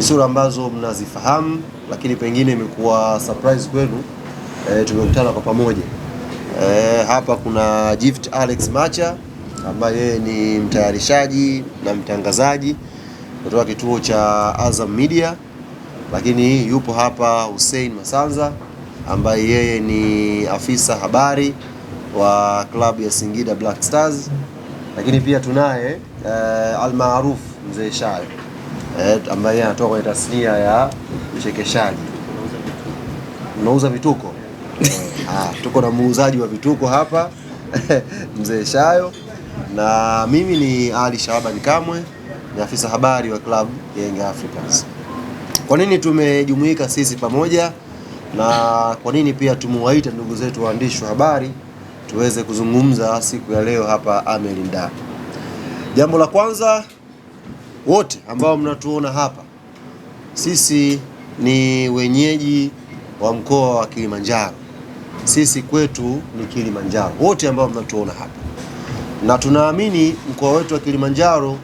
ni sura ambazo mnazifahamu, lakini pengine imekuwa surprise kwenu. E, tumekutana kwa pamoja e, hapa kuna Gift Alex Macha ambaye yeye ni mtayarishaji na mtangazaji kutoka kituo cha Azam Media, lakini yupo hapa Hussein Masanza ambaye yeye ni afisa habari wa klabu ya Singida Black Stars, lakini pia tunaye e, almaarufu Mzee Shayo eh, ambaye anatoka kwenye tasnia ya uchekeshaji. Unauza vituko ah, tuko na muuzaji wa vituko hapa Mzee Shayo, na mimi ni Ali shaaban Kamwe, ni afisa habari wa klabu ya Young Africans. Kwa nini tumejumuika sisi pamoja na kwa nini pia tumewaita ndugu zetu waandishi wa habari tuweze kuzungumza siku ya leo hapa Amelinda? Jambo la kwanza wote ambao mnatuona hapa, sisi ni wenyeji wa mkoa wa Kilimanjaro. Sisi kwetu ni Kilimanjaro, wote ambao mnatuona hapa, na tunaamini mkoa wetu wa Kilimanjaro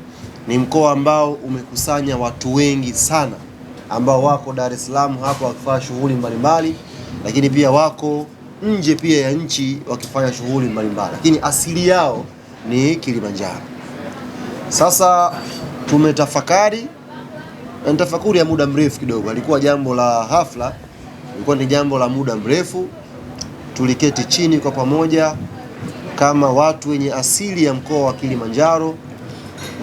ni mkoa ambao umekusanya watu wengi sana ambao wako Dar es Salaam hapo wakifanya shughuli mbalimbali, lakini pia wako nje pia ya nchi wakifanya shughuli mbalimbali, lakini asili yao ni Kilimanjaro. Sasa tumetafakari tafakuri ya muda mrefu kidogo, alikuwa jambo la hafla, ilikuwa ni jambo la muda mrefu. Tuliketi chini kwa pamoja kama watu wenye asili ya mkoa wa Kilimanjaro,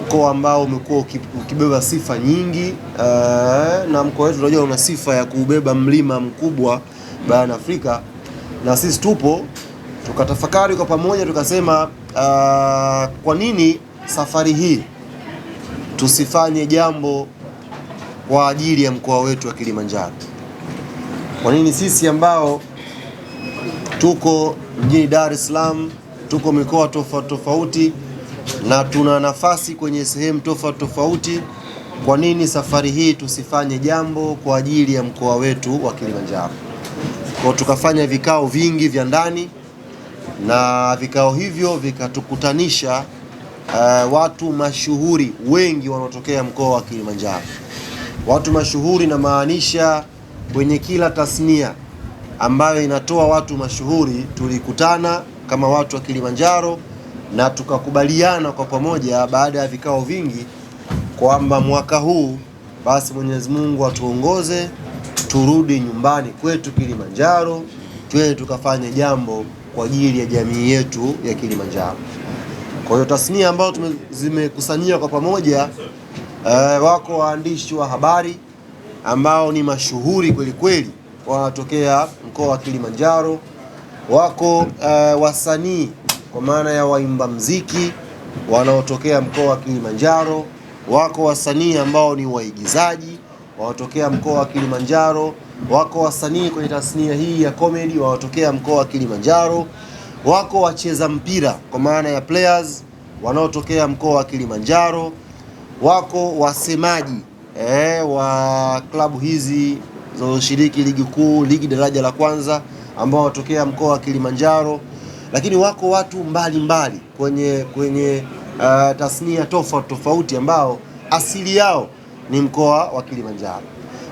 mkoa ambao umekuwa ukibeba sifa nyingi eee, eh, na mkoa wetu unajua una sifa ya kubeba mlima mkubwa barani Afrika, na sisi tupo tukatafakari kwa pamoja, tukasema ah, kwa nini safari hii tusifanye jambo kwa ajili ya mkoa wetu wa Kilimanjaro. Kwa nini sisi ambao tuko mjini Dar es Salaam, tuko mikoa tofauti tofauti na tuna nafasi kwenye sehemu tofauti tofauti, kwa nini safari hii tusifanye jambo kwa ajili ya mkoa wetu wa Kilimanjaro? Kwa tukafanya vikao vingi vya ndani na vikao hivyo vikatukutanisha uh, watu mashuhuri wengi wanaotokea mkoa wa Kilimanjaro. Watu mashuhuri na maanisha kwenye kila tasnia ambayo inatoa watu mashuhuri, tulikutana kama watu wa Kilimanjaro na tukakubaliana kwa pamoja baada ya vikao vingi kwamba mwaka huu basi Mwenyezi Mungu atuongoze turudi nyumbani kwetu Kilimanjaro, twende tukafanye jambo kwa ajili ya jamii yetu ya Kilimanjaro. Kwa hiyo tasnia ambazo zimekusanyia kwa pamoja uh, wako waandishi wa habari ambao ni mashuhuri kweli kweli, wanatokea mkoa wa Kilimanjaro. Wako uh, wasanii kwa maana ya waimba mziki wanaotokea mkoa wa Kilimanjaro. Wako wasanii ambao ni waigizaji wanaotokea mkoa wa Kilimanjaro. Wako wasanii kwenye tasnia hii ya comedy wanaotokea mkoa wa Kilimanjaro wako wacheza mpira kwa maana ya players wanaotokea mkoa wa Kilimanjaro, wako wasemaji eh, wa klabu hizi zinazoshiriki ligi kuu, ligi daraja la kwanza ambao wanatokea mkoa wa Kilimanjaro, lakini wako watu mbalimbali mbali, kwenye kwenye uh, tasnia tofauti tofauti ambao asili yao ni mkoa wa Kilimanjaro.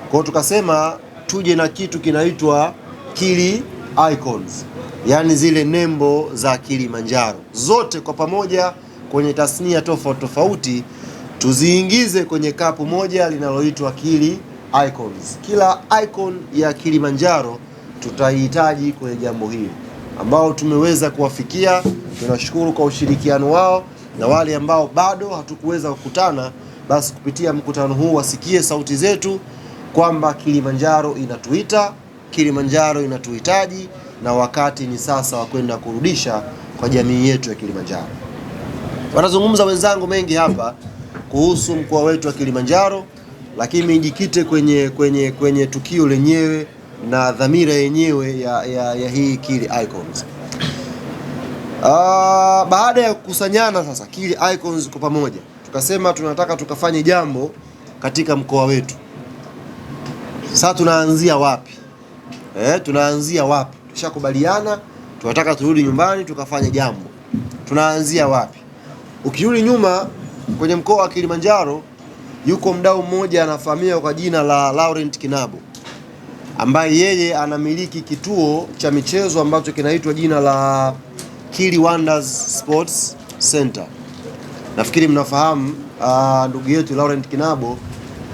Kwa hiyo tukasema tuje na kitu kinaitwa Kili Icons yaani zile nembo za Kilimanjaro zote kwa pamoja kwenye tasnia tofauti tofauti tuziingize kwenye kapu moja linaloitwa Kili Icons. Kila icon ya Kilimanjaro tutaihitaji kwenye jambo hili ambao tumeweza kuwafikia. Tunashukuru kwa ushirikiano wao, na wale ambao bado hatukuweza kukutana, basi kupitia mkutano huu wasikie sauti zetu kwamba Kilimanjaro inatuita, Kilimanjaro inatuhitaji na wakati ni sasa wa kwenda kurudisha kwa jamii yetu ya Kilimanjaro. Wanazungumza wenzangu mengi hapa kuhusu mkoa wetu wa Kilimanjaro, lakini jikite kwenye, kwenye, kwenye tukio lenyewe na dhamira yenyewe ya, ya, ya hii Kili Icons. Uh, baada ya kukusanyana sasa Kili Icons kwa pamoja tukasema tunataka tukafanye jambo katika mkoa wetu. Sasa tunaanzia wapi? Eh, tunaanzia wapi? tushakubaliana tunataka turudi nyumbani tukafanya jambo, tunaanzia wapi? Ukirudi nyuma kwenye mkoa wa Kilimanjaro, yuko mdau mmoja anafahamika kwa jina la Laurent Kinabo ambaye yeye anamiliki kituo cha michezo ambacho kinaitwa jina la Kili Wonders Sports Center. Nafikiri mnafahamu uh, ndugu yetu Laurent Kinabo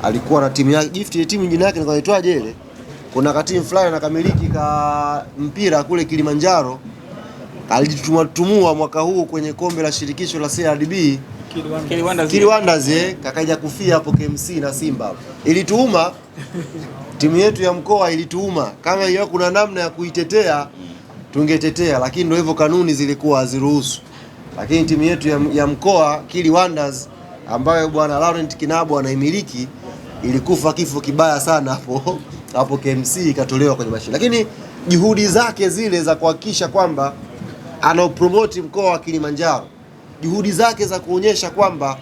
alikuwa na timu yake, gift ya timu, jina yake inaitwaje ile? kuna katimu fulani kamiliki ka mpira kule Kilimanjaro alijitumatumua mwaka huu kwenye kombe la shirikisho la CRDB Kiliwanders, eh. eh kakaja kufia hapo KMC na Simba. Ilituuma timu yetu ya mkoa ilituuma, kama hiyo kuna namna ya kuitetea tungetetea, lakini ndio hivyo, kanuni zilikuwa haziruhusu. Lakini timu yetu ya, ya mkoa Kiliwanders ambayo bwana Laurent Kinabo anaimiliki ilikufa kifo kibaya sana hapo hapo KMC ikatolewa kwenye mashine, lakini juhudi zake zile za kuhakikisha kwamba anaopromoti mkoa wa Kilimanjaro, juhudi zake za kuonyesha kwamba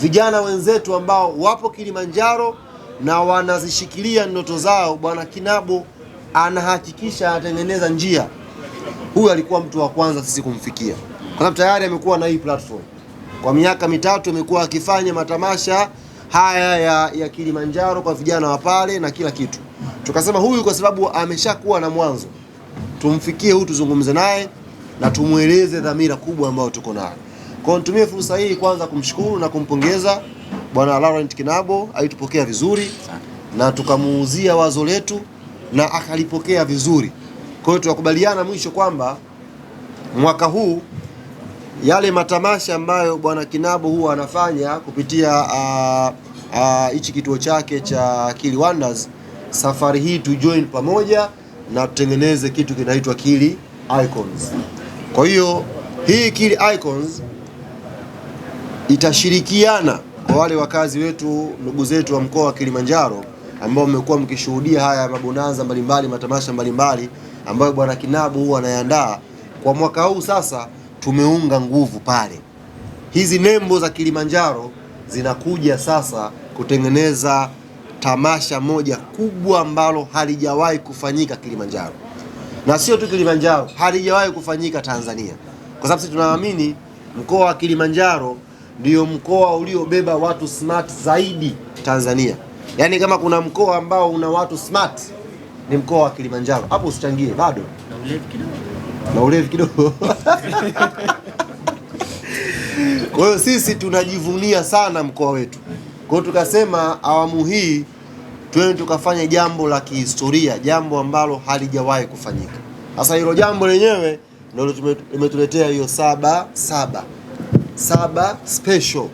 vijana wenzetu ambao wapo Kilimanjaro na wanazishikilia ndoto zao, bwana Kinabo anahakikisha anatengeneza njia. Huyu alikuwa mtu wa kwanza sisi kumfikia, kwa sababu tayari amekuwa na hii platform kwa miaka mitatu, amekuwa akifanya matamasha haya ya, ya Kilimanjaro kwa vijana wa pale na kila kitu. Tukasema huyu kwa sababu ameshakuwa na mwanzo, tumfikie huyu, tuzungumze naye na tumweleze dhamira kubwa ambayo tuko nayo. Kwa nitumie fursa hii kwanza kumshukuru na kumpongeza Bwana Laurent Kinabo, alitupokea vizuri na tukamuuzia wazo letu na akalipokea vizuri. Kwa hiyo tunakubaliana mwisho kwamba mwaka huu yale matamasha ambayo Bwana Kinabo huwa anafanya kupitia ah, ah, hichi uh, uh, kituo chake cha Akili Wonders safari hii tu join pamoja na tutengeneze kitu kinaitwa Kili Icons. Kwa hiyo hii Kili Icons itashirikiana kwa wale wakazi wetu ndugu zetu wa mkoa wa Kilimanjaro ambao mmekuwa mkishuhudia haya mabonanza mbalimbali, matamasha mbalimbali ambayo bwana Kinabu huwa anayaandaa. Kwa mwaka huu sasa tumeunga nguvu pale, hizi nembo za Kilimanjaro zinakuja sasa kutengeneza tamasha moja kubwa ambalo halijawahi kufanyika Kilimanjaro, na sio tu Kilimanjaro, halijawahi kufanyika Tanzania, kwa sababu sisi tunaamini mkoa wa Kilimanjaro ndio mkoa uliobeba watu smart zaidi Tanzania. Yaani kama kuna mkoa ambao una watu smart ni mkoa wa Kilimanjaro. Hapo usichangie bado na ulevi kidogo kwa hiyo sisi tunajivunia sana mkoa wetu, kwa hiyo tukasema awamu hii twende tukafanye jambo la kihistoria, jambo ambalo halijawahi kufanyika. Sasa hilo jambo lenyewe ndio limetuletea hiyo saba saba saba special,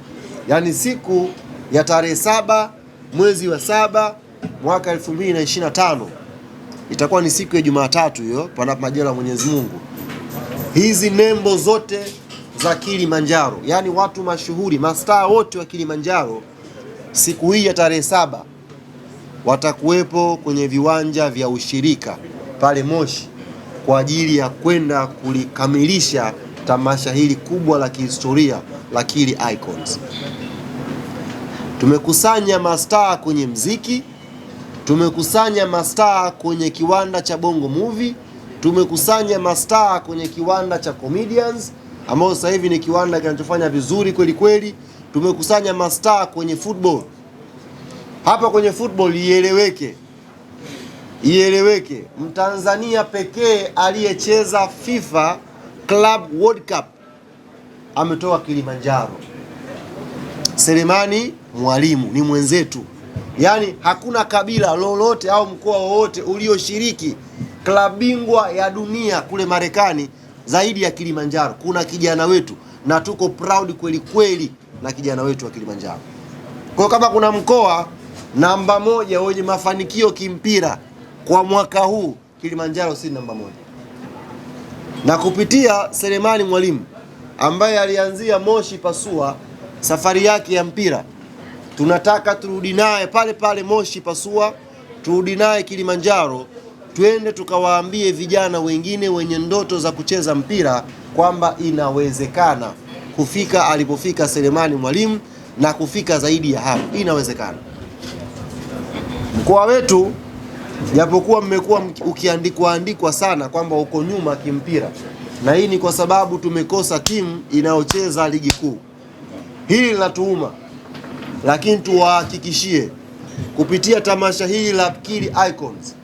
yaani siku ya tarehe saba mwezi wa saba mwaka 2025 itakuwa ni siku ya Jumatatu hiyo, panapo majaliwa ya Mwenyezi Mungu. Hizi nembo zote za Kilimanjaro, yaani watu mashuhuri mastaa wote wa Kilimanjaro siku hii ya tarehe saba watakuwepo kwenye viwanja vya ushirika pale Moshi kwa ajili ya kwenda kulikamilisha tamasha hili kubwa la kihistoria la Kili Icons. Tumekusanya mastaa kwenye mziki, tumekusanya mastaa kwenye kiwanda cha Bongo Movie, tumekusanya mastaa kwenye kiwanda cha Comedians ambao sasa hivi ni kiwanda kinachofanya vizuri kweli kweli tumekusanya mastaa kwenye football hapa kwenye football. Ieleweke, ieleweke, mtanzania pekee aliyecheza FIFA Club World Cup ametoka Kilimanjaro. Selemani Mwalimu ni mwenzetu, yaani hakuna kabila lolote au mkoa wowote ulioshiriki klabu bingwa ya dunia kule Marekani zaidi ya Kilimanjaro. Kuna kijana wetu na tuko proud kweli kweli na kijana wetu wa Kilimanjaro. Kwa kama kuna mkoa namba moja wenye mafanikio kimpira kwa mwaka huu, Kilimanjaro si namba moja, na kupitia Selemani Mwalimu ambaye alianzia Moshi Pasua safari yake ya mpira, tunataka turudi naye pale pale Moshi Pasua, turudi naye Kilimanjaro, twende tukawaambie vijana wengine wenye ndoto za kucheza mpira kwamba inawezekana kufika alipofika Selemani Mwalimu na kufika zaidi ya hapo. Inawezekana mkoa wetu, japokuwa mmekuwa ukiandikwa andikwa sana kwamba uko nyuma kimpira, na hii ni kwa sababu tumekosa timu inayocheza ligi kuu. Hili linatuuma, lakini tuwahakikishie kupitia tamasha hili la Kili Icons,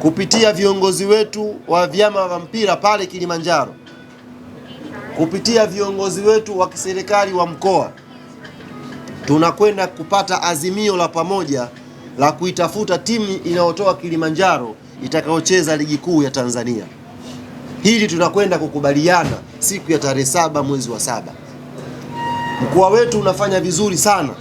kupitia viongozi wetu wa vyama vya mpira pale Kilimanjaro kupitia viongozi wetu wa kiserikali wa mkoa tunakwenda kupata azimio la pamoja la kuitafuta timu inayotoa Kilimanjaro itakayocheza ligi kuu ya Tanzania. Hili tunakwenda kukubaliana siku ya tarehe saba mwezi wa saba. Mkoa wetu unafanya vizuri sana,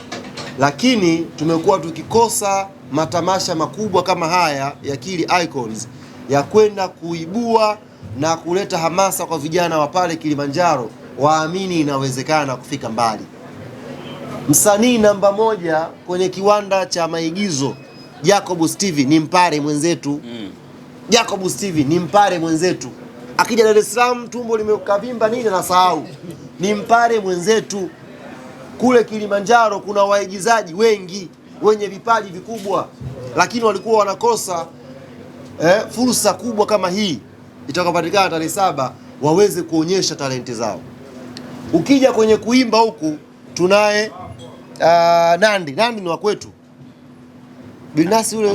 lakini tumekuwa tukikosa matamasha makubwa kama haya ya Kili Icons ya kwenda kuibua na kuleta hamasa kwa vijana wa pale Kilimanjaro waamini inawezekana kufika mbali. Msanii namba moja kwenye kiwanda cha maigizo Jacob Steve ni mpare mwenzetu mm. Jacob Steve ni mpare mwenzetu, akija Dar es Salaam tumbo limekavimba nini, nasahau ni mpare mwenzetu. Kule Kilimanjaro kuna waigizaji wengi wenye vipaji vikubwa, lakini walikuwa wanakosa eh, fursa kubwa kama hii itakapatikana tarehe saba waweze kuonyesha talenti zao. Ukija kwenye kuimba huku tunaye uh, Nandi. Nandi ni wa kwetu Bilnasi yule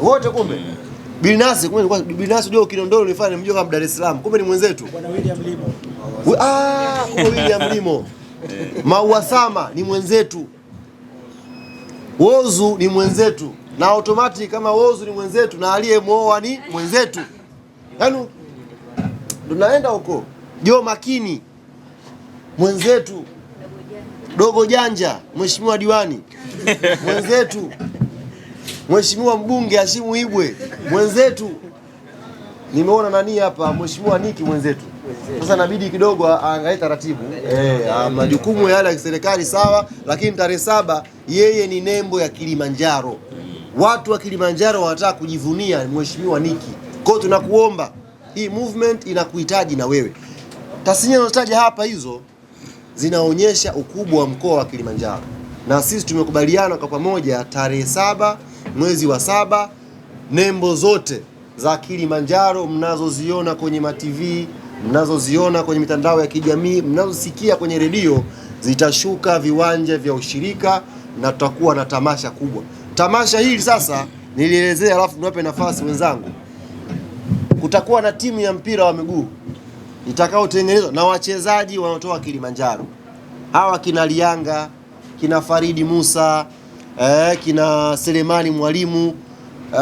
wote kumbe mm. Bilnasi kumbe Bilnasi ndio Kinondoni nilifanya nimjua mjoka Dar es Salaam, kumbe ni mwenzetu Bwana William Limo. Ah, William Limo. Maua Sama ni mwenzetu, Wozu ni mwenzetu, na automatic kama Wozu ni mwenzetu na aliyemwoa ni mwenzetu Yaani tunaenda huko Jo Makini mwenzetu dogo janja, mheshimiwa diwani mwenzetu, mheshimiwa mbunge Hashimu Ibwe mwenzetu, nimeona nani hapa, mheshimiwa Niki mwenzetu. Sasa inabidi kidogo aangalie taratibu eh, ah, majukumu yale ya serikali sawa, lakini tarehe saba yeye ni nembo ya Kilimanjaro. Watu wa Kilimanjaro wanataka kujivunia mheshimiwa Niki kwa tunakuomba hii movement inakuhitaji na wewe. Tasnia unazotaja hapa hizo zinaonyesha ukubwa wa mkoa wa Kilimanjaro, na sisi tumekubaliana kwa pamoja tarehe saba mwezi wa saba nembo zote za Kilimanjaro mnazoziona kwenye matv mnazoziona kwenye mitandao ya kijamii mnazosikia kwenye redio zitashuka viwanja vya ushirika na tutakuwa na tamasha kubwa. Tamasha hili sasa nilielezea, alafu niwape nafasi wenzangu kutakuwa na timu ya mpira wa miguu itakayotengenezwa na wachezaji wanaotoka Kilimanjaro, hawa kina Lianga, kina Faridi Musa eh, kina Selemani Mwalimu, uh,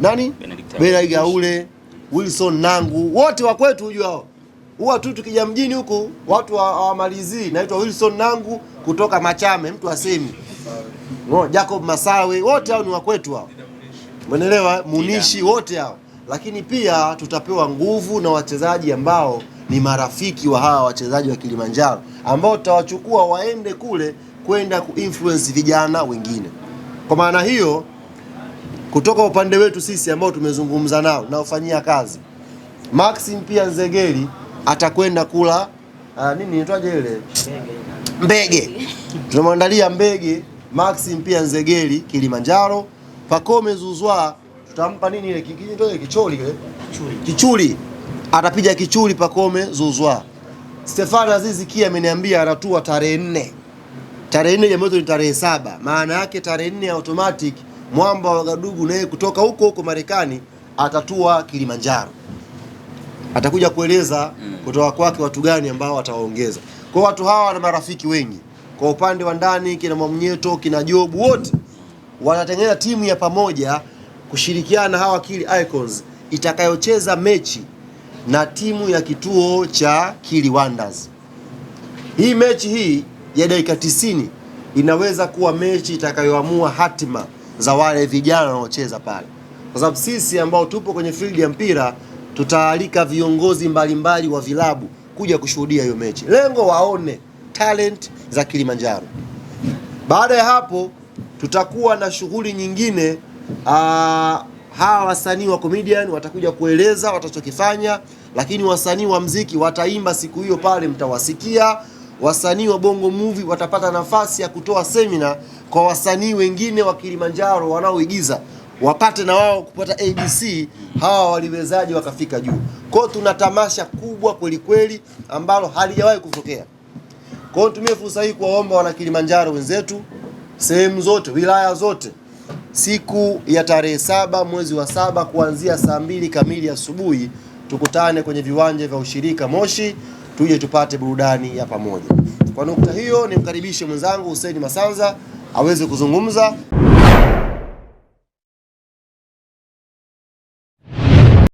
nani Bela Gaule, Wilson Nangu, wote wa kwetu hujua hao huwa tu tukija mjini huku watu wa, Naitwa Wilson Nangu kutoka Machame, mtu asemi no, Jacob Masawe, wote hao ni wa kwetu hao. Umeelewa? Munishi wote hao, lakini pia tutapewa nguvu na wachezaji ambao ni marafiki wa hawa wachezaji wa Kilimanjaro ambao tutawachukua waende kule kwenda kuinfluence vijana wengine. Kwa maana hiyo, kutoka upande wetu sisi ambao tumezungumza nao na ufanyia kazi, Maxim pia Nzegeli atakwenda kula uh, nini inaitwaje ile mbege, mbege. tunamwandalia mbege Maxim pia Nzegeli Kilimanjaro Pacome Zouzoua tutampa nini ile ndio ile kichuli, atapiga kichuli Pacome Zouzoua. Stefano Azizi Ki ameniambia anatua tarehe nne. Tarehe nne jambo ni tarehe saba, maana yake tarehe nne automatic mwamba wa Gadugu naye kutoka huko huko Marekani atatua Kilimanjaro, atakuja kueleza mm. kutoka kwake watu gani ambao watawaongeza Kwa watu hawa wana marafiki wengi kwa upande wa ndani, kina Mwamnyeto, kina Jobu wote wanatengeneza timu ya pamoja kushirikiana na hawa Kili Icons itakayocheza mechi na timu ya kituo cha Kili Wonders. Hii mechi hii ya dakika 90 inaweza kuwa mechi itakayoamua hatima za wale vijana wanaocheza pale, kwa sababu sisi ambao tupo kwenye field ya mpira tutaalika viongozi mbalimbali wa vilabu kuja kushuhudia hiyo mechi, lengo waone talent za Kilimanjaro. Baada ya hapo tutakuwa na shughuli nyingine. Aa, ah, hawa wasanii wa comedian watakuja kueleza watachokifanya, lakini wasanii wa mziki wataimba siku hiyo pale, mtawasikia. Wasanii wa bongo movie watapata nafasi ya kutoa semina kwa wasanii wengine wa Kilimanjaro wanaoigiza wapate na wao kupata ABC, hawa waliwezaje wakafika juu. Kwa hiyo tuna tamasha kubwa kwelikweli ambalo halijawahi kutokea. Kwa hiyo nitumie fursa hii kuwaomba wana Kilimanjaro wenzetu sehemu zote, wilaya zote, siku ya tarehe saba mwezi wa saba kuanzia saa mbili kamili asubuhi, tukutane kwenye viwanja vya ushirika Moshi, tuje tupate burudani ya pamoja. Kwa nukta hiyo, nimkaribishe mwenzangu Hussein Masanza aweze kuzungumza.